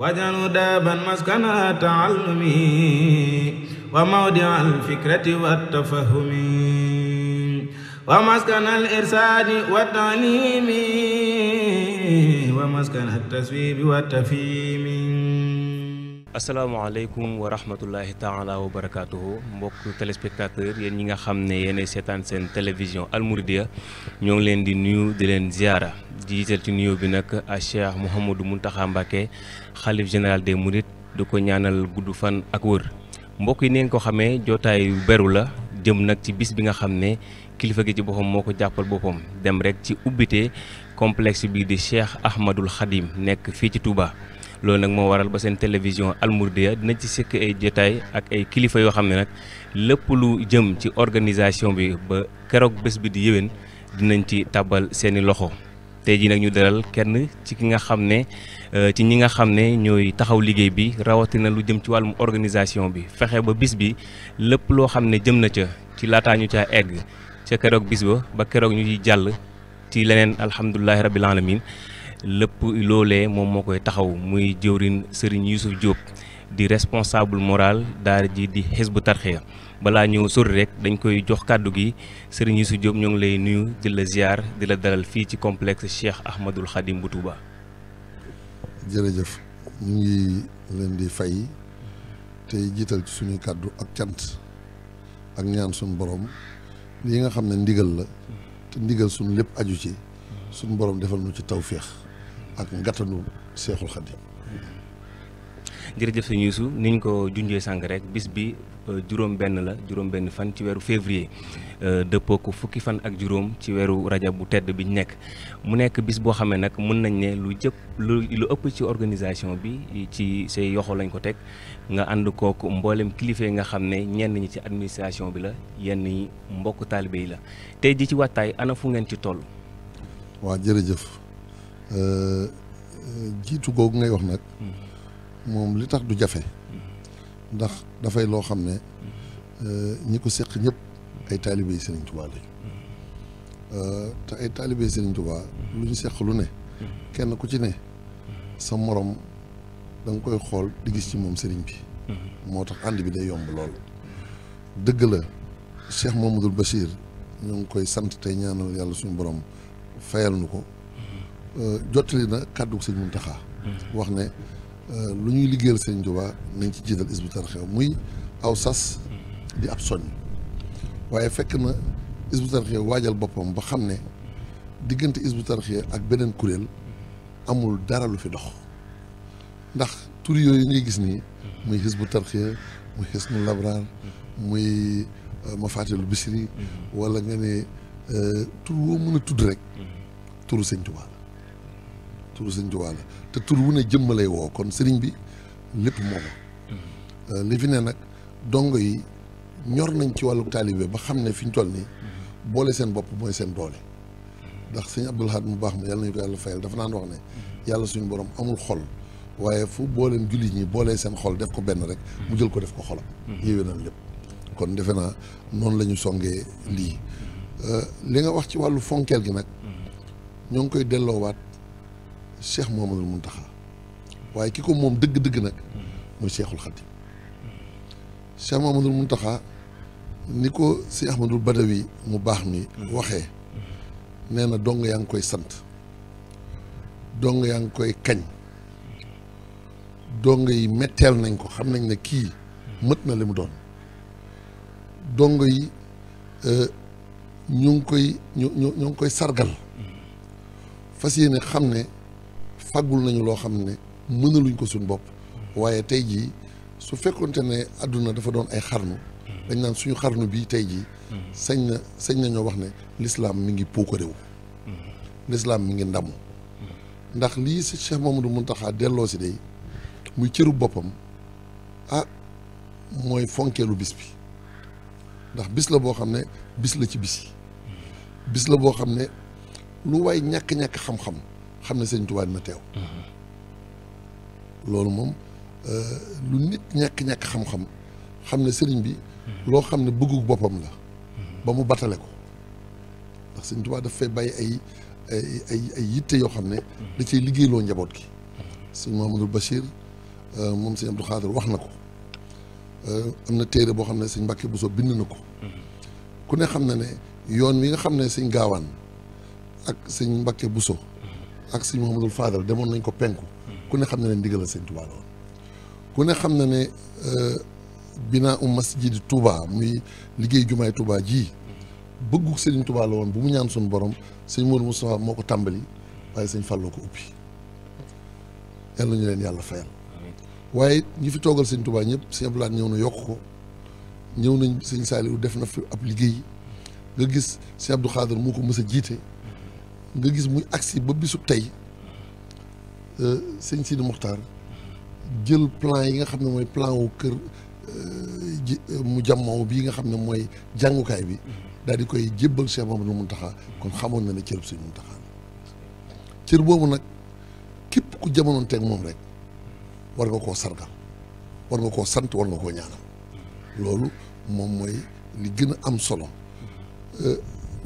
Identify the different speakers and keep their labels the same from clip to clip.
Speaker 1: واجعله دابا مسكن تعلم وموضع الفكرة والتفهم ومسكن الإرشاد والتعليم ومسكن التسويب والتفهيم asalaamaaleykum wa rahmatullahi taala wa barakaatuhu mbokk téléspectateur yéen ñi nga xam ne yéenay seetaan seen télévision almouridia ñoo ngi leen di nuyu di leen ziara di jiital ci nuyoo bi nag a Cheikh Mouhamadou Mountakha Mbacké xalif général des mourides du ko ñaanal gudd fan ak wër mbokk yi neen ko xamee jootaayu beru la jëm nag ci bis bi nga xam ne kilifa gi ci boppam moo ko jàppal boppam dem rek ci ubbite complexe bi di Cheikh Ahmadul Khadim nekk fii ci Touba. loolu nag moo waral ba seen télévision almourdia dina ci sekk ay jotaay ak ay kilifa yoo xam ne nag lépp lu jëm ci organisation bi ba keroog bés bi di yéwén dinañ ci tàbbal seeni loxo tey jii nag ñu dalal kenn ci ki nga xam ne euh, ci ñi nga xam ne ñooy taxaw liggéey bi rawatina lu jëm ci wàllum organisation bi fexe ba bis bi lépp loo xam ne jëm na ca ci laataañu ñu caa egg ca keroog bis ba ba keroog ñu ci jàll ci leneen alhamdulilahi rabbil alamin lépp loolee moom moo koy taxaw muy jëwrin Serigne Youssouf Diop di responsable moral daara ji di Hizbut Tarqiyyah balaa ñëw sori rek dañ koy jox kàddu gi Serigne Youssouf Diop ñoo ngi lay nuyu di la ziar di la dalal fii ci complexe Cheikh Ahmadul Khadim bu Touba.
Speaker 2: jërëjëf ñu ngi leen di fay tey jiital ci suñu kàddu ak cant ak ñaan suñu boroom lii nga xam ne ndigal la te ndigal suñu lépp aju ci suñu borom defal nu ci tawféex. ak ngattanu seexul xadim
Speaker 1: jërëjëf sëñ Youssou ni ñu ko junjee sànq rek bis bi euh, juróom benn la juróom benn fan ci weeru février euh, dëppoo ko fukki fan ak juróom ci weeru rajab bu tedd bi ñu nekk mu nekk bis boo xamee nag mën nañ ne lu jëpp lu lu ëpp ci organisation bi ci say yoxo lañ ko teg nga ànd kooku mbooleem kilifa yi nga xam ne ñenn ñi ci administration bi la yenn ñi mbokk taalibe yi la tey ji ci wattaay ana fu ngeen ci toll.
Speaker 2: waa jërëjëf. Euh, euh, jiitu googu ngay wax nag mm-hmm. moom li tax du jafe mm-hmm. ndax dafay loo xam ne mm-hmm. euh, ñi ko seq ñëpp ay taalibe yi Serigne Touba te ay taalibe yi Serigne lu ñu seq lu ne kenn ku ci ne sa morom da koy xool di gis ci moom Serigne bi moo tax ànd bi day yomb lool dëgg la Cheikh Mamadou Bachir ñu ngi koy sant tey ñaanal yàlla suñu borom fayal nu ko Euh, jottali na kàddu sëñ Muntaxa mm-hmm. wax ne euh, lu ñuy liggéeyal sëñ Tuubaa nañ ci jiital Hizbut Tarqiyyah muy aw sas mm-hmm. di ab soñ waaye fekk na Hizbut Tarqiyyah waajal boppam ba xam ne diggante Hizbut Tarqiyyah ak beneen kuréel amul dara lu fi dox ndax tur yooyu ngay gis nii mm-hmm. muy Hizbut Tarqiyyah muy Hisnul Abraar muy euh, Mafaatihul Bichri wala nga ne tur woo mën a tudd rek turu sëñ Tuubaa turu sëñ Tuubaa la te tur wu ne jëmm lay woo kon sëriñ bi lépp mooma mm-hmm. li fi ne nag dongo yi ñor nañ ci wàllu taalibe ba xam ne fi ñu toll nii mm-hmm. boole seen bopp mooy seen doole mm-hmm. ndax sëñ Abdul Ahad mu baax ma yàlla nañu ko dafa naan wax yàlla suñu borom amul xol waaye fu booleem jullit ñi boolee seen xol def ko benn rek mu jël ko def ko xolam yéwé na lépp kon defe naa noonu lañu ñu songee lii euh, li nga wax ci wàllu fonkeel gi nag ñoo ngi koy delloowaat cheikh Mouhamadul Mountakha waaye ki ko moom dëgg-dëgg nag mooy cheikhul Khadim mu Mouhamadul Mountakha ni ko si Ahmadul Badawi mu baax mi waxee nee na dong yaa ngi koy sant dong yaa ngi koy kañ dong yi metteel nañ ko xam nañ ne kii mët na li mu doon dong yi e, ñu ngi koy ñu koy sargal fas yéene xam ne. fàggul nañu loo xam ne mënaluñ ko suñu bopp waaye tey jii su fekkoonte ne àdduna dafa doon ay xarnu dañ naan suñu xarnu bii tey jii sañ na sañ nañoo wax ne lislaam mi ngi puukarewu lislaam mi ngi ndamu ndax lii si du mun taxaa delloo si day muy cëru boppam ah mooy fonkeelu bis bi ndax bis la boo xam ne bis la ci bis bis la boo xam ne lu waay ñàkk-ñàkk xam-xam xam ne sëñ Tuubaa dina teew. loolu moom euh, lu nit ñàkk ñàkk xam-xam xam ne sëriñ bi. loo xam ne bëggu boppam la. ba mu batale ko ndax sëñ Tuubaa daf bàyyi ay ay ay yitte yoo xam ne. da cay liggéeyloo njaboot gi. sëñ Mouhamadul Bachir euh, moom seen Abdou Khadir wax na ko euh, am na téere boo xam ne sëñ Mbàkke Bousso bind na ko. ku ne xam na ne yoon wi nga xam ne sëñ Gaawaan ak sëñ Mbàkke Bousso. ak sëñ Mouhamadul Fadal demoon nañ ko penku ku ne xam na ne ndigal la sëñ Touba woon ku ne xam na ne euh, binaa um masjid Touba muy liggéey jumaay Touba ji bëggu sëñ Touba la woon bu mu ñaan suñu borom sëñ Mourou Moustapha moo ko tàmbali waaye sëñ Fallou ko ubbi yàlla ñu leen yàlla fayal waaye ñi fi toogal sëñ Touba ñëpp sëñ Abdoulaye ñëw na yokk ko ñëw nañ sëñ Saliou def na fi ab liggéey nga gis sëñ Abdou Khadir moo ko mës a jiite nga gis muy agsi ba bisu tey euh, sëñ Sidi Mokhtar jël plan yi nga xam ne mooy plan wu kër euh, euh, mu jàmmaw bii nga xam ne mooy jàngukaay bi daal di koy jébbal Cheikh Mamadou Mountakha kon xamoon na ne cërub sëñ Mountakha cër boobu nag képp ku jamonoon teeg moom rek war nga koo sargal war nga koo sant war nga koo ñaanal loolu moom mooy li gën a am solo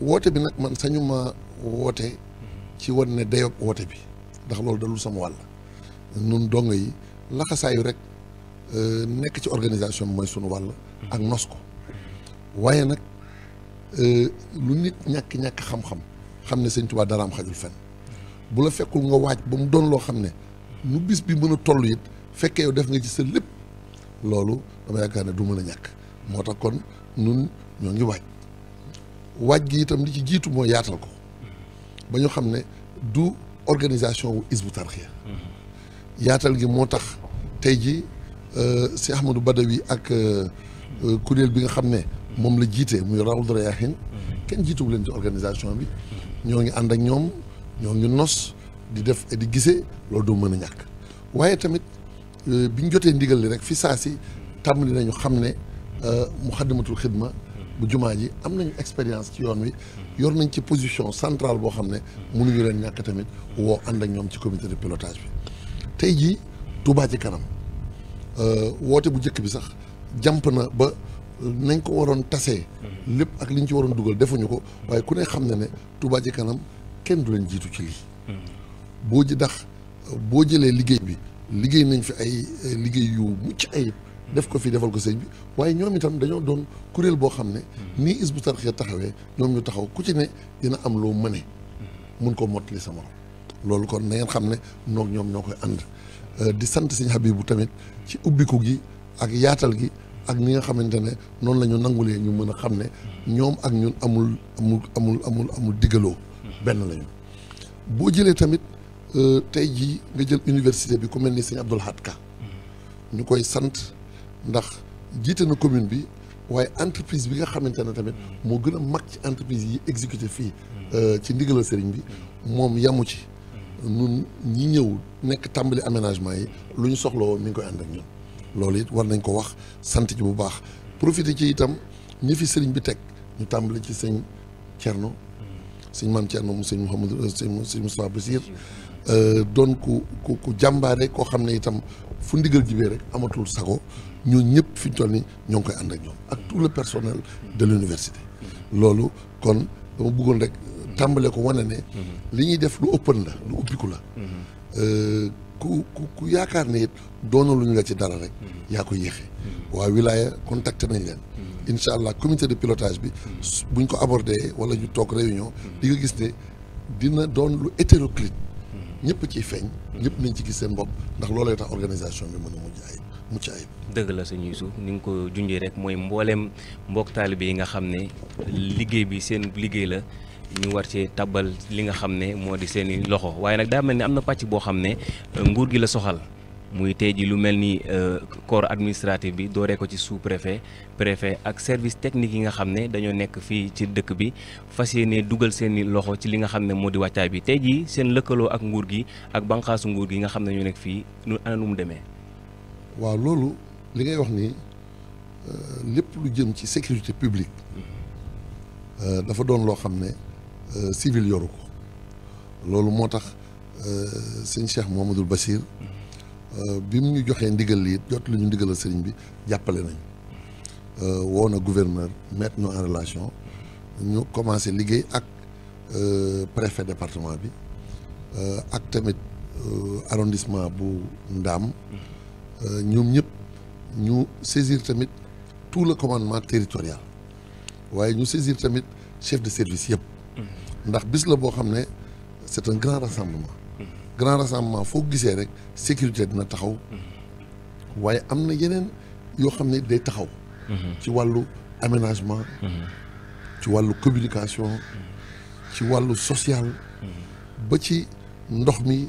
Speaker 2: woote bi nag man sañu woote ci wan ne dayob woote bi ndax loolu dalul sama wàll nun don yi laxasaayu rek euh, nekk ci organisation mooy sunu wàll ak nos ko waaye nag euh, lu nit ñàkk-ñàkk xam-xam xam ne sëñ Tuubaa daraam xajul fenn bu la fekkul nga waaj ba mu doon loo xam ne nu bis bi mën a toll it fekkee yow def nga ci sa lépp loolu dama yaakaar ne du mën a ñàkk moo tax kon nun ñoo ngi waaj waaj gi itam li ci jiitu mooy yaatal ko ba ñu xam ne du organisation wu Hizbut Tarqiyyah yaatal gi moo tax tey jii euh, si Ahmadou Badawi ak euh, euh, kuréel bi nga xam ne moom la jiite muy Rawdu Rayaahiin kenn jiituwu leen ci organisation bi ñoo ngi ànd ak ñoom ñoo ngi nos di def di gisee loolu du mën a ñàkk waaye tamit bi biñ jotee ndigal li rek fi saa si tàmbali ñu xam ne mu Muxaddamatul Xidma bu jumaa ji am nañu expérience ci yoon wi yor nañ ci position centrale boo xam ne mënuñu leen ñàkk tamit woo ànd ak ñoom ci comité de pilotage bi tey jii Touba ci kanam euh, woote bu njëkk bi sax jàmp na ba nañ ko waroon tasee lépp ak liñ ci waroon dugal defuñu ko waaye ku ne xam ne ne Touba ci kanam kenn du leen jiitu ci lii boo ji dax boo jëlee liggéey bi liggéey nañ fi ay liggéey yu mucc ayib def ko fii defal ko sëñ bi waaye ñoom itam dañoo doon kuréel boo xam ne nii Hizbut Tarqiyyah taxawee ñoom ñu taxaw ku ci ne dina am loo mëne mun koo mottali sama morom loolu kon na ngeen xam ne noog ñoom ñoo koy ànd euh, di sant sëñ Habibu tamit ci ubbiku gi ak yaatal gi ak ni nga xamante ne noonu la ñu nangulee ñu mën a xam ne ñoom ak ñun amul amul amul amul amul diggaloo benn lañu boo jëlee tamit euh, tey jii nga jël université bi ku mel ni sëñ Abdoul Hadka ñu koy sant ndax jiite na commune bi waaye entreprise bi nga xamante ne tamit moo gën a mag ci entreprise yi exécuté fii euh, ci ndigalal sëriñ bi moom yamu ci nun ñi ñëw nekk tàmbali aménagement yi lu ñu soxla woon mi ngi koy ànd ak loolu it war nañ ko wax sant ci bu baax profité ci itam ñi fi sëriñ bi teg ñu tàmbali ci sëñ cerno sëñ maam Thierno mu sëñ Mouhamadou euh, sëñ Moustapha Bassir euh, doon ku ku ku jàmbaare koo xam ne itam fu ndigal jibee rek amatul sago ñoo ñëpp fi ñu toll nii ñoo ngi koy ànd ak ñoom ak tout le personnel de l'université loolu kon dama bëggoon rek tàmbale ko wane ne li ñuy def lu open la lu ubbiku la euh, ku ku ku yaakaar ne it doona lu ñu la ci dara rek yaa ko yéexee waa wilaya contacté nañ leen incha allah comité de pilotage bi buñ ko abordé wala ñu toog réunion di nga gis ne dina doon lu hétéroclite ñëpp ciy feeñ. ñëpp nañ ci gis seen bopp ndax loolee tax organisation bi mën a mujj ayib mucc
Speaker 1: ayib. dëgg la sëñ Youssou ni nga ko junjee rek mooy mbooleem mbokk taalibe yi nga xam ne liggéey bi seen liggéey la. ñu war ci tabbal li nga xam ne moo di seeni loxo waaye nag daa mel ni am na pàcc boo xam ne nguur gi la soxal muy tey ji lu mel ni euh, corps administratif bi dooree ko ci sous préfet préfet ak service technique yi nga xam ne dañoo nekk fii ci dëkk bi fas yéene dugal seen i loxo ci li nga xam ne moo di wàccaay bi tey jii seen lëkkaloo ak nguur gi ak banqaasu nguur gi nga xam ne ñoo nekk fii nu ana nu mu demee.
Speaker 2: waaw loolu li ngay wax ni euh, lépp lu jëm ci sécurité publique euh, dafa doon loo xam ne civil yoru ko loolu moo tax sëñ Cheikh Mouhamadoul Bachir. Mm-hmm. Euh, bi mu ñu joxee ndigal li jot lu ñu ndigalal sëriñ bi jàppale nañ euh, woo na gouverneur mettre nous en relation ñu commencé liggéey ak euh, préfet département bi ak tamit arrondissement bu Ndaam ñoom ñëpp ñu saisir tamit tout le commandement territorial waaye ñu saisir tamit chef de service yëpp mm-hmm. ndax bis la boo xam ne c'est un grand rassemblement grand rassemblement foo gisee rek sécurité dina taxaw waaye am na yeneen yoo xam ne day taxaw ci wàllu aménagement ci wàllu communication ci wàllu social ba ci ndox mi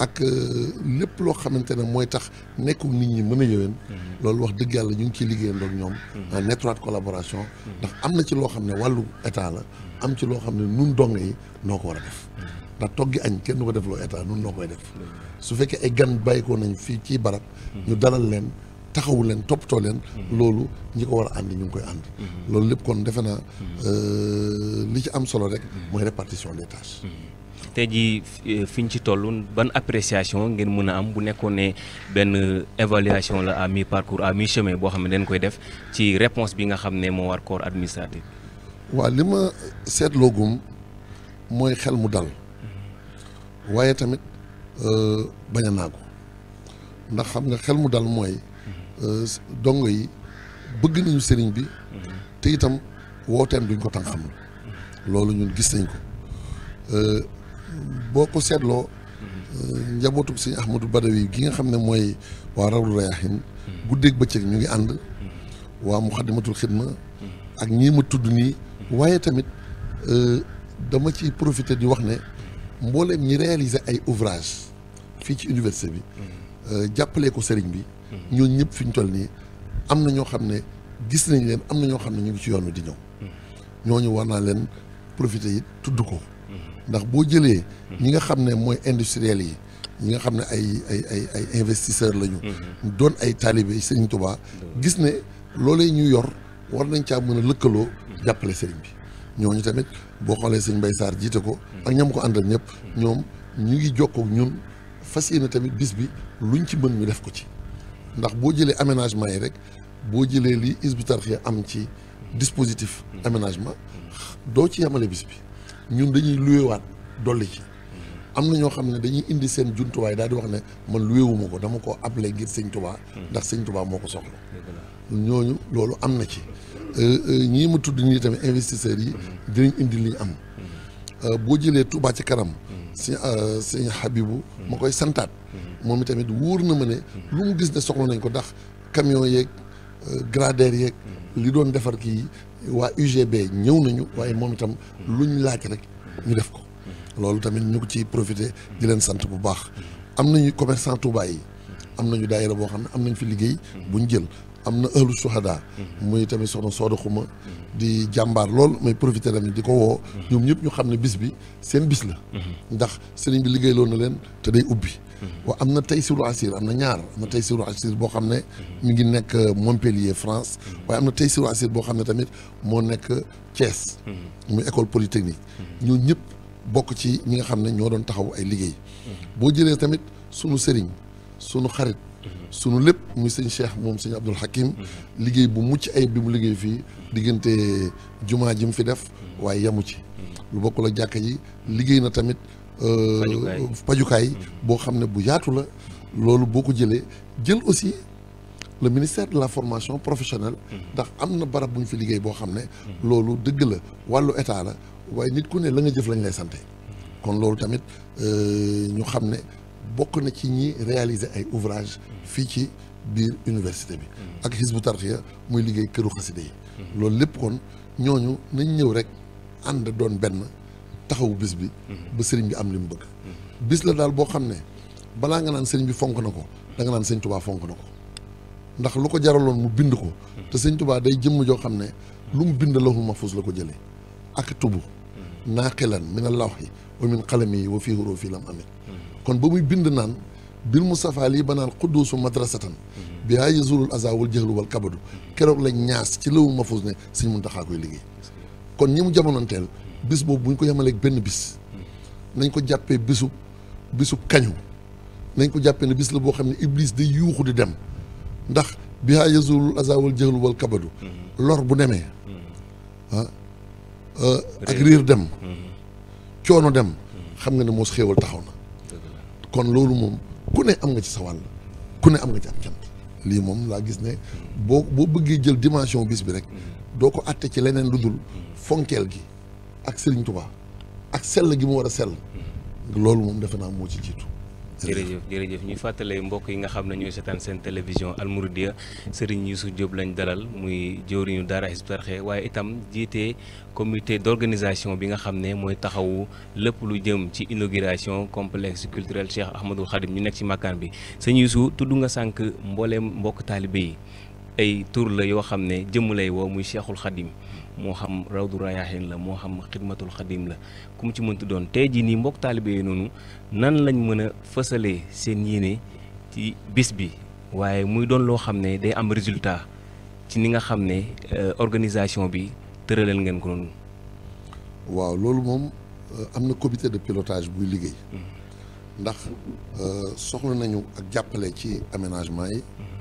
Speaker 2: ak euh, lépp loo xamante ne mooy tax nekku nit ñi mën a yëwén mm-hmm. loolu wax dëgg yàlla ñu ngi ciy liggéeyandoo ñoom mm-hmm. en étroite collaboration mm-hmm. ndax am na ci loo xam ne wàllu état la am ci loo xam ne nun donge yi noo ko war a def ndax toggi añ kenn du ko def loo état nun noo koy def su fekkee ay gan bàyyikoo nañu fii ci barab ñu dalal leen taxawu leen topptoo leen loolu ñi ko war a ànd ñu ngi koy ànd loolu lépp kon defe naa euh, li ci am solo rek mooy répartition des tâches
Speaker 1: tey jii eh, fi ñu ci toll ban appréciation ngeen mën a am bu nekkoon ne benn évaluation la à mi parcours à mi chemin boo xam ne dañ koy def ci réponse bi nga xam ne moo war corps administratif.
Speaker 2: waaw li ma seetloogum mooy xel mu dal mm-hmm. waaye tamit euh, bañ naagu ndax xam nga xel mu dal mooy mm-hmm. euh, dongo yi bëgg nañu sëriñ bi mm-hmm. te itam wooteem duñ ko tànqam loolu ñun gis nañ ko. Euh, boo ko seetloo. Euh, njabootug sëñ Ahmadou Badawi gi nga xam ne mooy waa Rawdu Rayaahin. guddeeg bëccëg ñu ngi ànd. waa Muxaddamatul Xidma ak ñii ma tudd nii. waaye tamit euh, dama ci profité di wax ne mbooleem ñi réaliser ay ouvrage fii ci université bi. Euh, jàppalee ko sëriñ bi. ñooñu ñëpp fi ñu toll nii am na ñoo xam ne gis nañ leen am na ñoo xam ne ñu ngi ci yoon wi di ñëw. ñooñu war naa leen profité yi tudd ko. ndax boo jëlee. ñi nga xam ne mooy industriels yi. ñi nga xam ne ay ay ay investisseurs lañu. Mm-hmm. doon ay taalibe Serigne Touba. gis ne loolee ñu yor war nañ caa mën a lëkkaloo. jàppale Serigne bi ñooñu tamit boo xoolee Serigne Mbaye saar jiite ko. Mm-hmm. ak ñam ko àndal ñëpp. Mm-hmm. ñoom ñu ngi jokkoo ñun fas yi ne tamit bis bi lu luñ ci mën ñu def ko ci. ndax boo jëlee aménagement yi rek boo jëlee li Hizbut Tarqiyyah am ci dispositif aménagement doo ci yamale bis bi. ñun dañuy luwewaat dolli ci am na ñoo xam ne dañuy indi seen jumtuwaay daal di wax ne man luwewuma ko dama ko able ngir sëñ tubaa ndax sëñ tubaa moo ko soxla ñooñu loolu am na ci euh, euh, ñii ma tudd nii tamit investisseurs yi dinañ indi li am euh, boo jëlee tubaa ci kanam si sëñ Habibu ma koy santaat moom itamit wóor na ma ne lu mu gis ne soxla nañ ko ndax camion yeeg gradaire yeeg li doon defar kii waa UGB ñëw nañu waaye moom itam lu ñu laaj rek ñu def ko loolu tamit ñu ko ci profité di leen sant bu baax am nañu commerçant Touba yi am nañu daayira boo xam ne am nañ fi liggéey bu ñu jël am na ëllu suhada muy tamit soxna sooda xuma di jàmbaar lool may profité tamit di ko woo ñoom ñëpp ñu xam ne bis bi seen bis la ndax sëriñ bi liggéey loon na leen te day ubbi waa am na Taysiroul Assir am na ñaar am na Taysiroul Assir boo xam ne mu ngi nekk euh, Montpellier France waaye am na Taysiroul Assir boo xam ne tamit moo nekk euh, Thiès mu école polytechnique ñoo ñëpp bokk ci ñi nga xam ne ñoo doon taxaw ay liggéey boo jëlee tamit suñu sëriñ sunu xarit sunu lépp muy sëñ Cheikh moom sëñ Abdoul Hakim liggéey bu mucc ay bi mu liggéey fii diggante euh, jumaa ji mu fi def waaye yamu ci lu bokkul ak jàkk yi liggéey na tamit pajukaay euh, boo xam ne bu yaatu la loolu boo ko jëlee jël aussi le ministère de la formation professionnelle hmm. ndax am na barab bu ñu fi liggéey boo xam ne hmm. loolu dëgg la wàllu état la waaye nit ku ne la nga jëf lañ lay sante hmm. kon loolu tamit euh, ñu xam ne bokk na ci ñi réaliser ay ouvrage fii ci biir université bi ak Hizbut Tarqiyyah muy liggéey këru xaside yi loolu lépp kon ñooñu nañ ñëw rek ànd doon benn taxawu bis bi mhm. ba sëriñ bi am li mu bëgg mhm. bis la daal boo xam ne balaa nga naan sëriñ bi fonk na ko danga nga naan sëñ tubaa fonk na ko ndax lu ko jaraloon mu bind ko mhm. te sëñ tubaa day jëmm joo xam ne lu mu bind lahul mahfuz la ko jëlee ak tubu naaqilan min allawhi wa min qalami wa fii la lam amit kon ba muy bind naan bi mu safaa lii ba naan xudduusu madrasatan bi yaa yazulul aza wal jahlu wal kabadu keroog la ñaas ci la mahfuz sëñ Muntaxa koy liggéey kon ñi mu jamonoonteel bis boobu bu ñu ko yemaleeg benn bis nañ ko jàppee bisu bisub kañu nañ ko jàppee na bis la boo xam ne iblis day yuuxu di dem ndax bihaa yazulul azawal jëxlu wal kabadu mm-hmm. lor bu demee mm-hmm. ah ak riir dem mm-hmm. coono dem xam nga ne moos xéewal taxaw na kon loolu moom ku ne am nga ci sa ku ne am nga ci am cant lii moom laa gis ne boo boo bëggee jël dimension bis bi rek doo ko àtte ci leneen lu dul fonkeel gi ak Serigne ak sell gi mu war a sell loolu moom defe naa moo ci jiitu. jërëjëf
Speaker 1: jërëjëf ñuy fàttale mbokk yi nga xam ne ñooy seetaan seen télévision almouridia Serigne Youssou jóob lañ dalal muy jëwriñu daara Hizbut Tarqiyyah waaye itam jiite comité d'organisation bi nga xam ne mooy taxawu lépp lu jëm ci inauguration complexe culturel Cheikh Ahmadou Khadim ñu nekk ci makkaan bi sëñ Youssou tudd nga sànq mbooleem mbokk taalibe yi ay tur la yoo xam ne jëmm lay woo muy Cheikhul Khadim moo xam rawdu rayaaxin la moo xam xidmatul xadim la ku mu ci mënti doon tey jii nii mbokk taalibe noonu nan lañ mën a fësalee seen yéene ci bis bi waaye muy doon loo xam ne day am résultat ci ni nga xam ne euh, organisation bi tëralal ngeen ko noonu. waaw loolu
Speaker 2: moom euh, am na comité de pilotage buy liggéey. ndax euh, soxla nañu ak jàppale ci aménagement yi. Mm-hmm.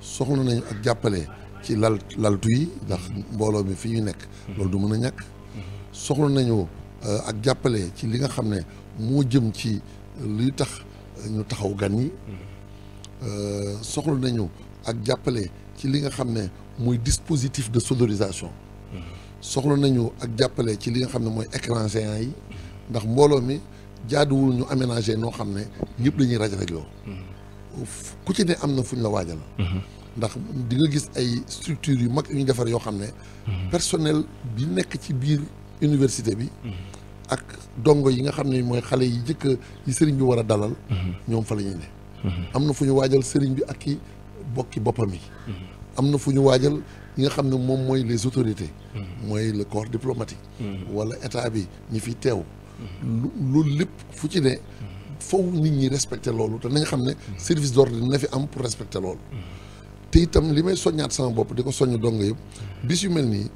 Speaker 2: soxla nañu ak jàppale ci lal laltu yi ndax mbooloo mi fi ñu nekk loolu du mën a ñàkk soxla nañu euh, ak jàppale ci li nga xam ne moo jëm ci luy tax ñu taxaw gan yi euh, soxla nañu ak jàppale ci li nga xam ne mooy dispositif de sonorisation soxla nañu ak jàppale ci li nga xam ne mooy écran yi ndax mbooloo mi jaaduwul ñu aménager noo xam ne ñëpp lañuy raj rajloo ku ci ne am na fu ñu la waajal ndax di nga gis ay structures yu mag ñu defar yoo xam ne. Mhm. personnel bi nekk ci biir université bi. Mhm. ak dongo yi nga xam ne mooy xale yi njëkk yi sëriñ bi war dalal. Mhm. ñoom fa la ñuy am na fu ñu waajal sëriñ bi ak i bokki boppam yi. am na fu ñu waajal yi nga xam ne moom mooy les autorités. mooy le corps diplomatique. wala état bi ñi fi teew. loolu lépp fu ci ne. faw nit ñi respecté loolu te na nga xam ne service d'ordre na fi am pour respecter loolu. te itam li may soññaat sama bopp di ko soññ dongo yëpp bis yu mel nii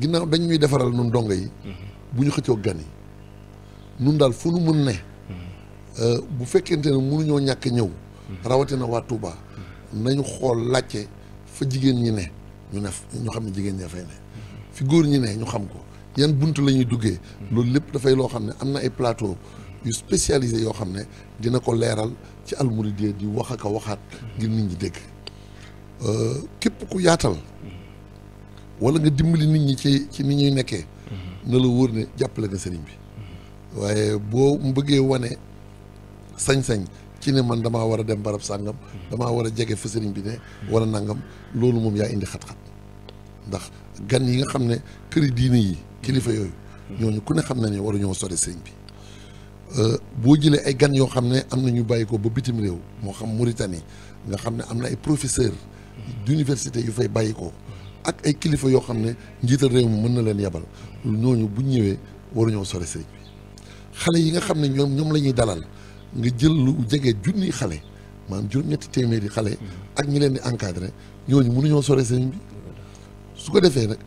Speaker 2: ginnaaw dañ ñuy defaral nun dongo yi bu ñu xëccoo gan yi nun daal fu nu mun ne euh, bu fekkente ne mënuñoo ñàkk ñëw rawatina waa Touba nañu xool laajte fa jigéen ñi ne ñu ne ñu xam ne jigéen ña fay ne fi góor ñi ne ñu xam ko yan bunt la ñuy duggee loolu lépp dafay loo xam ne am na ay plateau yu spécialisé yoo xam ne dina ko leeral ci almouride di wax ak a waxaat ngir nit ñi dégg képp ku yaatal wala nga dimbali nit ñi ci ci ni ñuy nekkee mhm. na la wóor ne jàppale na sëriñ bi mhm. waaye boo bëggee wane sañ-sañ ci ne man damaa war a dem barab sàngam mhm. damaa war a jege fa sëriñ bi ne wala nangam loolu moom yaa indi xat-xat ndax gan yi nga xam ne këri diine yi kilifa yooyu ñooñu ku ne xam na ne waruñoo sori sëriñ bi boo jëlee ay gan yoo xam ne am na ñu bàyyi ba bitim réew moo xam Mauritanie nga xam ne am na ay professeur d'université yu fay bàyyi ko ak ay kilifa yoo xam ne njiital réew mi mën na leen yebal ñooñu bu ñëwee waruñoo sore sëriñ bi xale yi nga xam ne ñoom ñoom la ñuy dalal nga jël lu jege junni xale maanaam téeméeri xale ak ñi leen di encadré ñooñu mënuñoo sore sëriñ bi su ko defee nag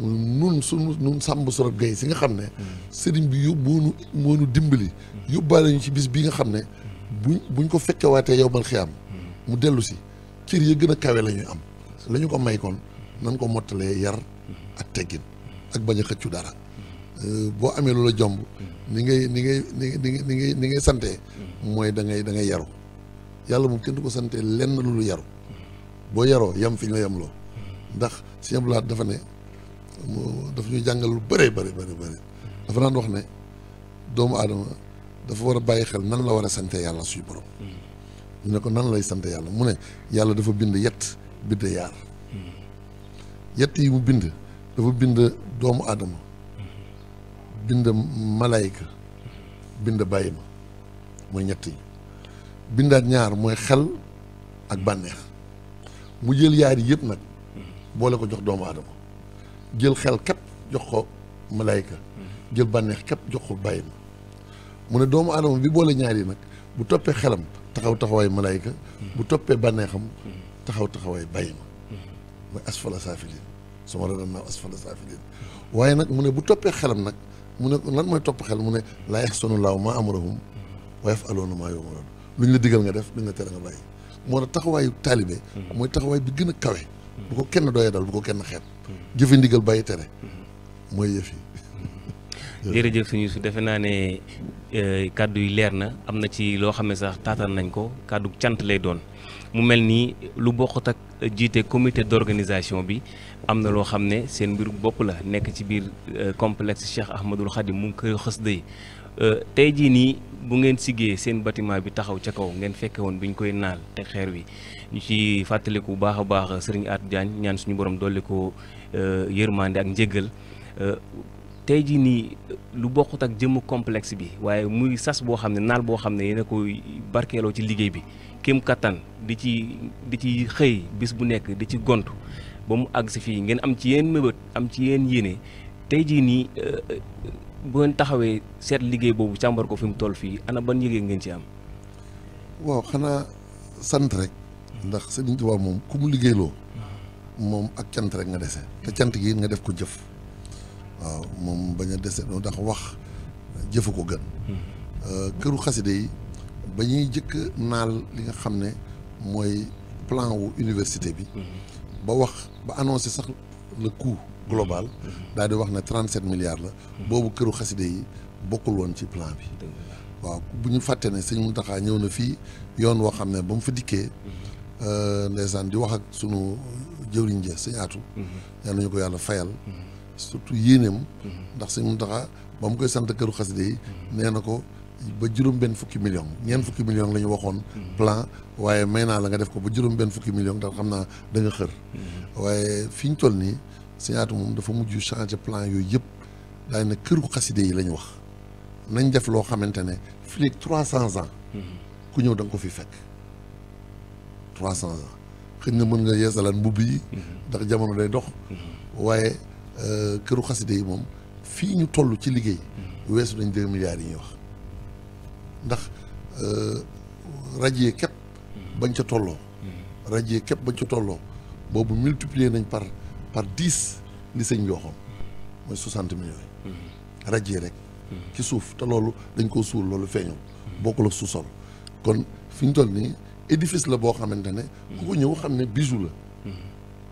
Speaker 2: nun suñu nun sàmb sorot gay si nga xam ne sëriñ bi yóbboonu moonu dimbali yóbbaale ñu ci bis bi nga xam ne buñ buñ ko fekkewaatee yow mal xiyaam mu dellu si cër yi gën a kawe la ñuy am la ñu ko may kon nan ko mottalee yar ak teggin ak bañ a xëccu dara euh, boo amee lu la jomb ni ngay ni ngay ni ni ngay ni ngay santee mooy da ngay da ngay yaru yàlla moom kenn ko santee lenn lu lu yaru boo yaroo yem fi ñu la yemloo ndax Sëñ Blaat dafa ne dafa ñu jàngal lu bëree bëri bëri bëri dafa naan wax ne doomu aadama dafa war a bàyyi xel nan la war a sante yàlla suy borom ñu ne ko nan lay sant yàlla mu ne yàlla dafa bind yett bind yaar yett yi mu bind dafa bind doomu aadama bind malaayika bind bàyyi ma mooy ñett yi ñaar mooy xel ak bànneex mu jël yaar yi yëpp nag boole ko jox doomu aadama jël xel képp jox ko malaayika jël bànneex képp jox ko bàyyi ma mu ne doomu aadama bi boole ñaar yi nag bu toppee xelam taxaw taxawaay malaayka bu toppee bànneexam taxaw taxawaay bàyyi ma mooy asfala saafiliin su ma la doon naaw asfala saafiliin waaye nag mu ne bu toppee xelam nag mu ne lan mooy topp xel mu ne laa yaxsanu laahu maa amarahum wa yaf'aluuna maa yu'maruun lu ñu la digal nga def lu ñu la tere nga bàyyi moo tax taxawaayu taalibe mooy taxawaay bi gën a kawe bu ko kenn doyee dal bu ko kenn xeeb jëfe ndigal bàyyi tere mooy yëf yi jërëjëf
Speaker 1: suñu su defe naa ne euh, kàddu yi leer na am na ci loo xam ne sax taataan nañ ko kàddu cant lay doon mu mel nii lu bokkut ak jiite comité d'organisation bi am na loo xam ne seen mbiru bopp la nekk ci biir euh, complexe Cheikh Ahmadul Khadim mu ngi koy xës day euh, tey jii nii bu ngeen siggee seen bâtiment bi taxaw ca kaw ngeen fekke woon bi ñu koy naal te xeer wi ñu ci fàttaliku bu baax a baax sëriñ Atou Diagne ñaan suñu borom dolli ko yërmande ak njégal tey jii nii lu bokkut ak jëmm complexe bi waaye muy sas boo xam ne naal boo xam ne yéen a koy barkeeloo ci liggéey bi kim kattan di ci di ci xëy bis bu nekk di ci gontu ba mu àgg si fii ngeen am ci yéen mébét am ci yéen yéene tey jii nii euh, bu ngeen taxawee seet liggéey boobu càmbar ko fi mu toll fii ana ban yëgee ngeen ci am.
Speaker 2: waaw xanaa sant rek. ndax Sëriñ Tuubaa moom ku mu liggéeyloo. moom ak cant rek nga dese. te cant gi nga def ko jëf. waaw moom ba a dese noonu ndax wax jëfu ko gën euh, këru xasida yi ba ñuy jëkk naal li nga xam ne mooy plan wu université bi ba wax ba annoncé sax le coût global daal di wax ne trente sept milliards la boobu këru xaside yi bokkul woon ci plan bi waaw bu ñu fàtte ne sëñ taxaa ñëw na fii yoon woo xam ne ba mu fa dikkee euh, ndeysaan di wax ak sunu jëwriñ ja sëñ Atou mm-hmm. yal nañu ko yàlla fayal mm-hmm. surtout yéeneem. Mhm. ndax sëñ Muntaxa ba mu koy sant këru xaside yi mhm. nee na ko ba juróom benn fukki million ngeen fukki million la ñu waxoon mhm. plan waaye may naa la nga def ko ba juróom benn fukki million ndax xam naa da nga xër waaye fi ñu toll nii sëñ moom dafa mujj change plan yooyu yëpp daay na këru xaside yi la ñu wax nañ def loo xamante ne fii trois cents ans ku ñëw da ko fi fekk trois cents ans xëy na mën nga yeesalaan mbubb yi ndax jamono day dox Euh, këru xaside yi moom fii ñu toll ci liggéey weesu nañ deux milliards yi ñuy wax ndax euh, rajee képp bañ ca tolloo rajee képp bañ ca tolloo boobu multiplier nañ par par dix li sëñ bi waxoon mooy soixante millions yi rajee rek ci suuf te loolu dañ koo suul loolu feeñul bokkul ak suusal kon fi ñu toll nii édifice la boo xamante ne ku ko ñëw xam ne bijou la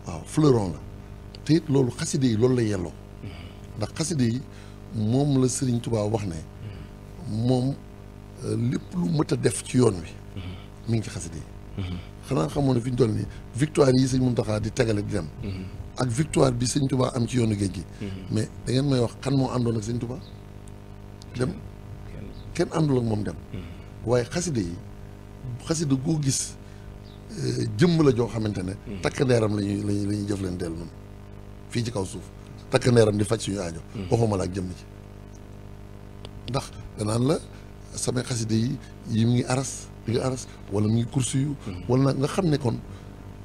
Speaker 2: waaw fleuron la te it loolu xaside yi loolu la yelloo ndax xaside yi moom la sëriñ Touba wax ne moom euh, lépp lu mët a def ci yoon wi mu ngi ci xaside yi xanaa xamoon ne fi ñu toll nii victoire yi sëñ Mountakha di tegale di dem ak victoire bi sëñ Touba am ci yoonu géej gi mais da may wax kan moo àndoon ak sëñ Touba dem kenn àndul ak moom dem waaye xaside yi xaside goo gis euh, jëmm la joo xamante ne mm. takk ndeeram lañuy lañuy jëf leen dellu noonu fii ci kaw suuf takk neeram di faj suñu aajo. Hmm. waxuma la ak jëmm ci ndax danaan la samay xaside yi yi mu ngi aras di nga aras wala mu ngi kursi yu hmm. wala nga xam ne kon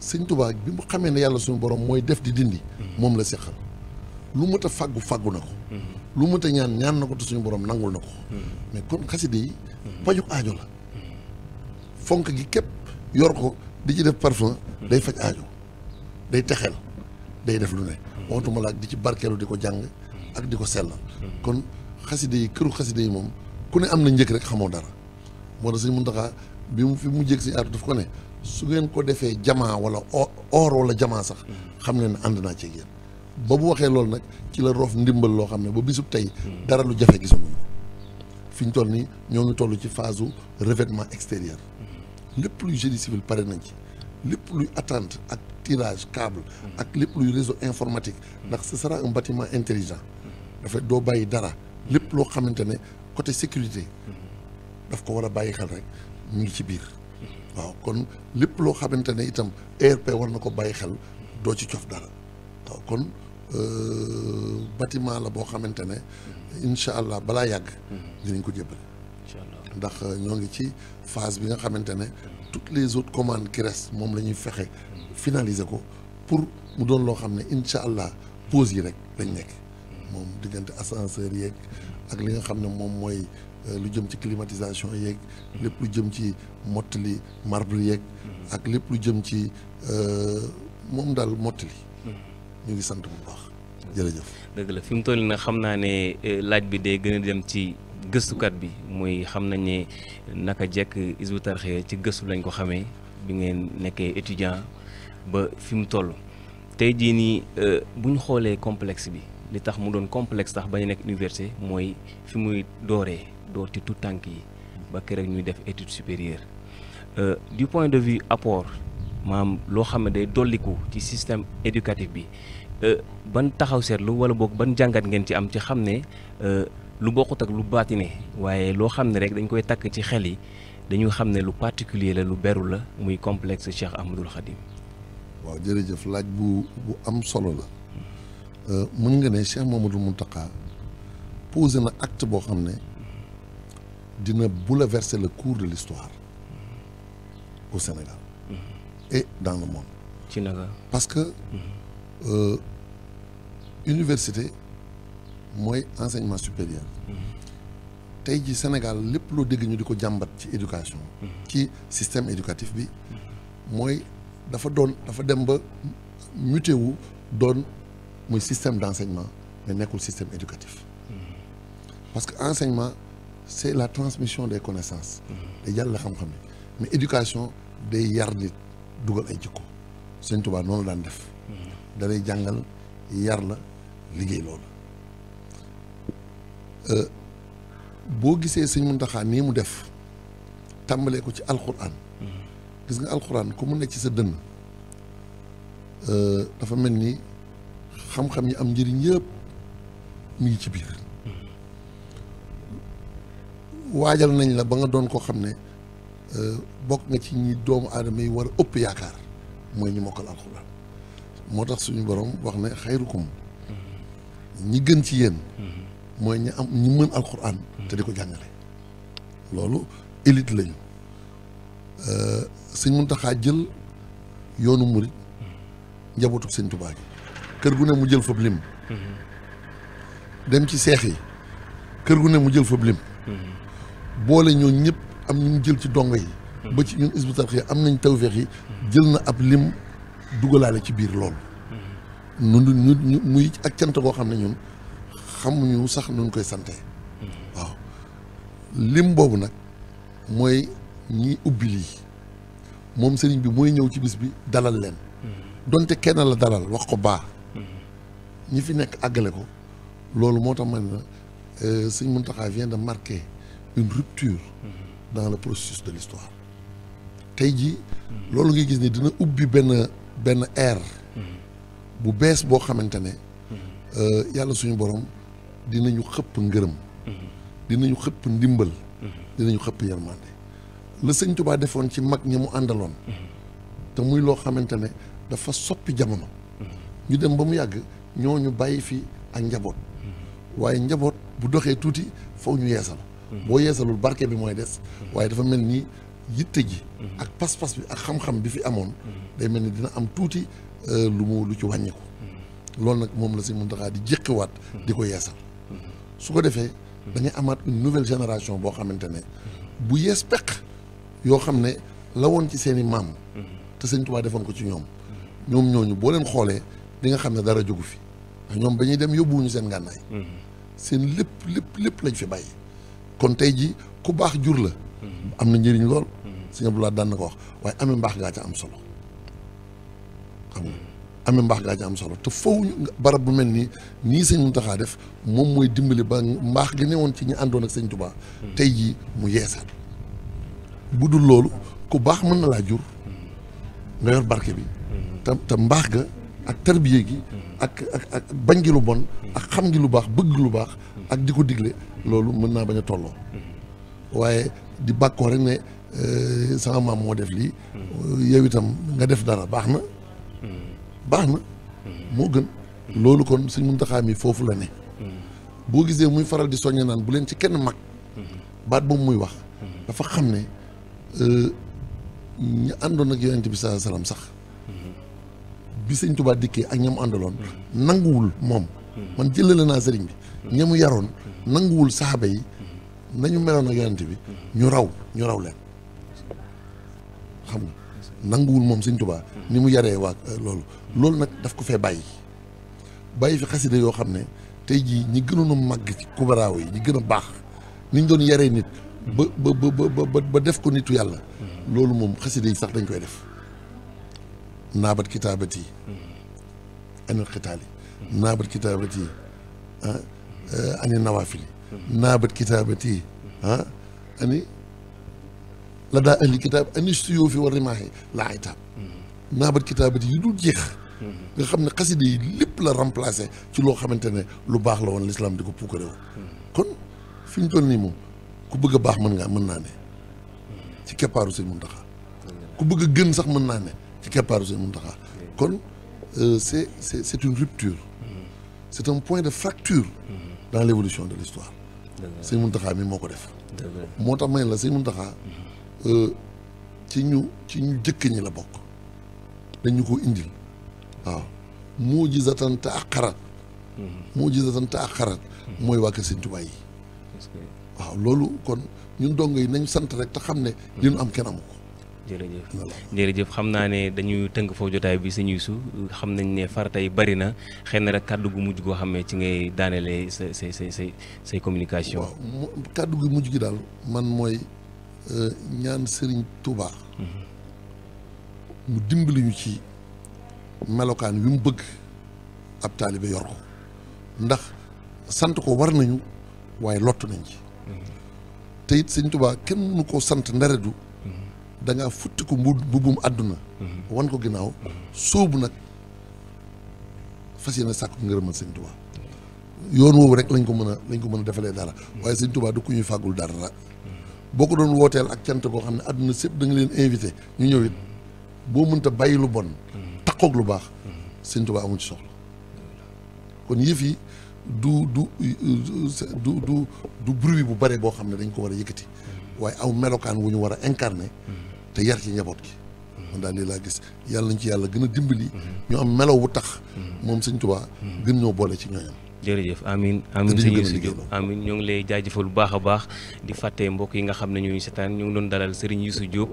Speaker 2: sëñ Tuubaa bi mu xamee ne yàlla suñu borom mooy def di dindi hmm. moom la seqal lu mët a fàggu fàggu na ko lu mët a ñaan ñaan na ko te suñu borom nangul na ko mais kon xaside yi pajuk aajo la fonk gi képp yor ko di ci def parfum day faj aajo day texel day def lu ne waxtuma la ak di ci barkeelu di ko jàng ak di ko sell kon xaside yi këru xaside yi moom ku ne am na njëkk rek xamoo dara moo tax sëñ Muntaxa bi mu fi mu jëkk si aatu daf ko ne su ngeen ko defee jamaa wala or wala jamaa sax xam ne ne ànd naa ci yéen ba bu waxee loolu nag ci la roof ndimbal loo xam ne ba bisub tey dara lu jafe gisaguñu ko fi ñu toll nii ñoo ngi toll ci phase revêtement extérieur lépp luy génie civil pare nañ ci lépp luy attente ak tirage cable ak lépp luy réseau informatique ndax ce sera intelligent dafa doo bàyyi dara lépp loo xamante ne côté sécurité daf ko war a bàyyi xel rek mu ngi ci biir waaw kon lépp loo xamante ne itam ERP war na ko bàyyi xel doo ci cof dara waaw kon euh, bâtiment la boo xamante ne incha allah balaa yàgg mm-hmm. dinañ ko jébbal incha allah ndax euh, ñoo ngi ci phase bi nga xamante ne toutes les autres commandes qui moom la ñuy fexe finaliser ko pour mu doon loo xam ne incha allah pause yi rek lañ nekk moom diggante ascenseur yeeg ak li nga xam ne moom mooy euh, lu jëm ci climatisation yeeg lépp lu jëm ci mottali marbre yéeg ak lépp lu jëm ci euh, moom daal mottali ñu ngi sant bu baax
Speaker 1: jërëjëf dëgg la fi mu toll nii xam naa ne euh, laaj bi day gën a dem ci gëstukat bi mooy xam nañ ne naka jekk Hizbut Tarqiyyah ci gëstu lañ ko xamee bi ngeen nekkee étudiant ba fi mu toll tey jii nii euh, bu ñu xoolee complexe bi li tax mu doon complex tax bañ nekk université mooy fi muy dooree door ci tout tànk yi ba keroog ñuy def étude supérieure euh, du point de vue apport maam loo xam ne day dolliku ci système éducatif bi euh, ban taxaw seetlu wala boog ban jàngat ngeen ci am ci xam ne lu bokkut ak lu baatine waaye loo xam ne rek dañ koy takk ci xel yi dañu xam ne lu particulier
Speaker 2: la lu beru la muy complexe Cheikh Ahmadul Khadim waaw jërëjëf laaj bu bu am solo la euh, mën nga ne Cheikh Mamadou Mountakha posé na act boo xam ne dina bouleverser le cours de l'histoire au Sénégal mm-hmm. et dans le monde ci parce que mm-hmm. euh, université mooy enseignement supérieur. tey ji Sénégal lépp loo dégg ñu di ko jàmbat ci éducation. ci système éducatif bi. mooy dafa doon dafa dem ba muté wu doon muy système d'enseignement mais nekkul système éducatif. parce que enseignement c'est la transmission des connaissances. day yàlla xam-xam ni mais éducation day yar nit dugal ay jikko Sëñ Tuubaa noonu la daan def. da jàngal yar la liggéey loolu. Euh, boo gisee sëñ Muntaxa nii mu def tàmbalee ko ci alxuraan gis nga alxuraan ku mu nekk ci sa dënn euh, dafa mel ni xam-xam yi am njëriñ yépp mi ngi ci biir waajal nañ la ba nga doon koo xam ne euh, bokk nga ci ñi doomu aadama yi war a ëpp yaakaar mooy ñu mokkal alxuraan moo tax suñu borom wax ne xayrukum ñi gën ci yéen mooy ñi am ñi mën alquran te di ko jàngale loolu élite lañu sëñ Muntaxa jël yoonu murit njabootu sëñ Tuubaa gi kër gu ne mu jël fab lim ci seex yi kër mu jël fab boole ñoo ñëpp am ñu jël ci dongo yi ba ci ñun Hizbut Tarqiyyah am nañ tawféex yi jël na ab lim dugalaale ci biir loolu mm-hmm. nun ñu muy ak cant koo xam ne ñun xamuñu sax nuñ koy sante waaw lim boobu nag mooy ñi ubbi lii moom sëriñ bi mooy ñëw ci bis bi dalal leen donte kenn la dalal wax ko baa ñi fi nekk àggale ko loolu moo tax man na euh, sëñ Mountakha vient de marquer une rupture dans le processus de l'histoire tey jii loolu ngay gis ni dina ubbi benn benn air bu bees boo xamante ne euh, yàlla suñu boroom dinañu xëpp ngërëm dinañu xëpp ndimbal dinañu xëpp yërmande la sëñ Tuubaa defoon ci mag ñi mu àndaloon te muy loo xamante ne dafa soppi jamono ñu dem ba mu yàgg ñoo ñu bàyyi fi ak njaboot waaye njaboot bu doxee tuuti faw ñu yeesal boo yeesalul barke bi mooy des waaye dafa mel ni yitte ji ak pas-pas bi ak xam-xam bi fi amoon day mel ni dina am tuuti euh, lu mu lu ci wàññiku loolu nag moom la si mun taxaa di jéqiwaat di ko yeesal su ko defee dañuy amaat une nouvelle génération boo xamante ne bu yees peq yoo xam ne la woon ci seen i maam te sëñ Tuubaa defoon ko ci ñoom ñoom ñooñu boo leen xoolee di nga xam ne dara jógu fi ñoom ba ñuy dem yóbbuwuñu seen ngànnaay seen lépp lépp lépp lañ fi bàyyi kon tey ji ku baax jur la am na njëriñ lool sëñ Abdoulaye daan na ko wax waaye amee mbaax gaa ca am solo xam nga amee mbaax gaa ñu am solo te foofu barab bu mel nii nii sëñ taxaa def moom mooy dimbali ba mbaax gi woon ci ñu àndoon ak sëñ Tuubaa hmm. tey jii mu yeesaat bu dul loolu ku baax mën na laa jur nga yor barke bi hmm. te mbaax ga ak tarbiye gi hmm. ak ak bañ gi lu bon ak xam gi lu baax bëgg lu baax ak di ko digle loolu mën naa bañ a tolloo waaye di bàkkoo rek ne euh, sama maam moo def lii yow itam nga def dara baax na baax na moo gën loolu kon suñ muntaxaa mi foofu la ne boo gisee muy faral di soññe naan bu leen ci kenn mag baat boobu muy wax dafa xam ne euh, ñu àndoon ak yonent bi saa salaam sax bi sëñ Tuubaa dikkee ak ñamu àndaloon nanguwul moom man jëlale naa sëriñ bi ñamu yaroon nanguwul saxaaba yi nañu meloon ak yonent bi ñu raw ñu raw leen xam nga nanguwul moom sëñ tubaa ni mu yaree waa euh, loolu loolu nag daf ko fee bàyyi bàyyi fi xasida yoo xam ne tey jii ñi gënoon a màgg ci kubaraaw yi ñi gën a baax niñ doon yaree nit ba ba ba ba def ko nitu yàlla mm-hmm. loolu moom xasida yi sax dañ koy def naabat kitaabat yi
Speaker 3: mm-hmm.
Speaker 2: anil xitaal yi mm-hmm. naabat kitaabat yi ah, eh, ani nawaafil yi naabat kitaabat ah, ani ladaa ahli kitaab ani suyoo fi war rimaahi la ay taab mm-hmm. naabat kitaabati yi dul jeex mm-hmm. nga xam ne xaside yi lépp la remplacé ci loo xamante ne lu baax la woon lislaam di ko puukare woon mm-hmm. kon fi ñu toll nii moom ku bëgg a baax mën ngaa mën naa ne ci keppaaru sëñ Muntaxa ku bëgg gën sax mën naa ne ci keppaaru sëñ Muntaxa kon euh, c'est c'est c'est une rupture c'est un point de fracture dans l'évolution de l'histoire sëñ Muntaxa mi moo ko def moo tax may la sëñ Muntaxa ci ñu ci ñu ñi la bokk dañu ko indil waaw muujizatan ta ak xarat ak xarat mooy waa Kër Sëñ Tuubaa yi waaw loolu kon ñun dong yi nañ sant rek te xam ne li ñu am kenn amu ko
Speaker 1: jërëjëf xam naa ne dañuy tënk foofu jotaay bi Sëñ Yuusu xam nañ ne farata yi bari na xëy na rek kàddu gu mujj goo xam ne ci ngay daanelee say say say say communication waaw
Speaker 2: kàddu gu mujj gi daal man mooy ñaan sëriñ tubaa mu dimbali ñu ci melokaan wi mu bëgg ab taalibe yor ko ndax sant ko war nañu waaye lottu nañ ci te sëñ tubaa kenn mënu koo sant ndaredu da ngaa futti ko mbubbum àdduna wan ko ginnaaw soobu nag fas yéene sàkku ngërëmal sëñ Touba yoon woowu rek lañ ko mën a lañ ko mën a defalee dara waaye sëñ tubaa du ku ñuy fàggul dara boo ko doon wooteel ak cant boo xam ne àdduna sépp danga leen invité ñu ñëw it boo mënta bàyyi lu bon taqoog lu baax sëñ Tuubaa amul ci soxla kon yëf yi du du du du du bruit bu bare boo xam ne dañ ko war a yëkkati waaye aw melokaan wu ñu war a incarné te yar ci njaboot gi man daal lii laa gis yàlla nañ ci yàlla gën a dimbali mm-hmm. ñu am melow bu tax mm-hmm. moom sëñ Tuubaa gën ñoo boole ci ñooñam
Speaker 1: jërëjëf amin amin sëñ si Diop amin ñoo ngi lay jaajëfal bu baax a baax di fàtte mbokk yi nga xam ne ñooñu setaan ñu ngi doon dalal Serigne Youssou Diop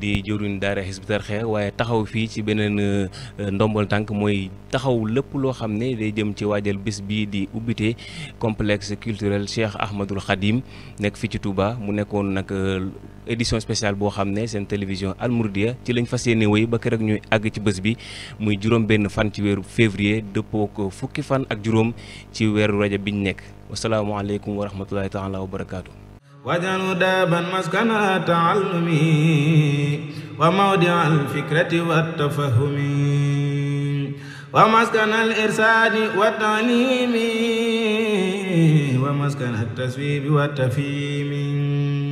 Speaker 1: di jëruñ daara Hizbut Tarqiyyah waaye taxaw fii ci beneen euh, ndombal tànk mooy taxaw lépp loo xam ne day jëm ci waajal bés bii di ubbite complex culturel Cheikh Ahmadul Khadim nekk fii ci tubaa mu nekkoon nag euh, édision spéciale boo xam ne seen télévision Almouridiyyah ci lañ fas yéene wéy ba keroog ñuy àgg ci bés bi muy juróom benn fan ci weeru février dëppoo ko fukki fan ak juróom ci weeru rajab bi ñu nekk wasalaamualeykum wa rahmatullahi taala wa barakaatu wajanu daaban maskana taallumi wa mawdia alfikrati wa tafahumi wa maskana al wa taalimi wa maskana taswibi wa tafhimi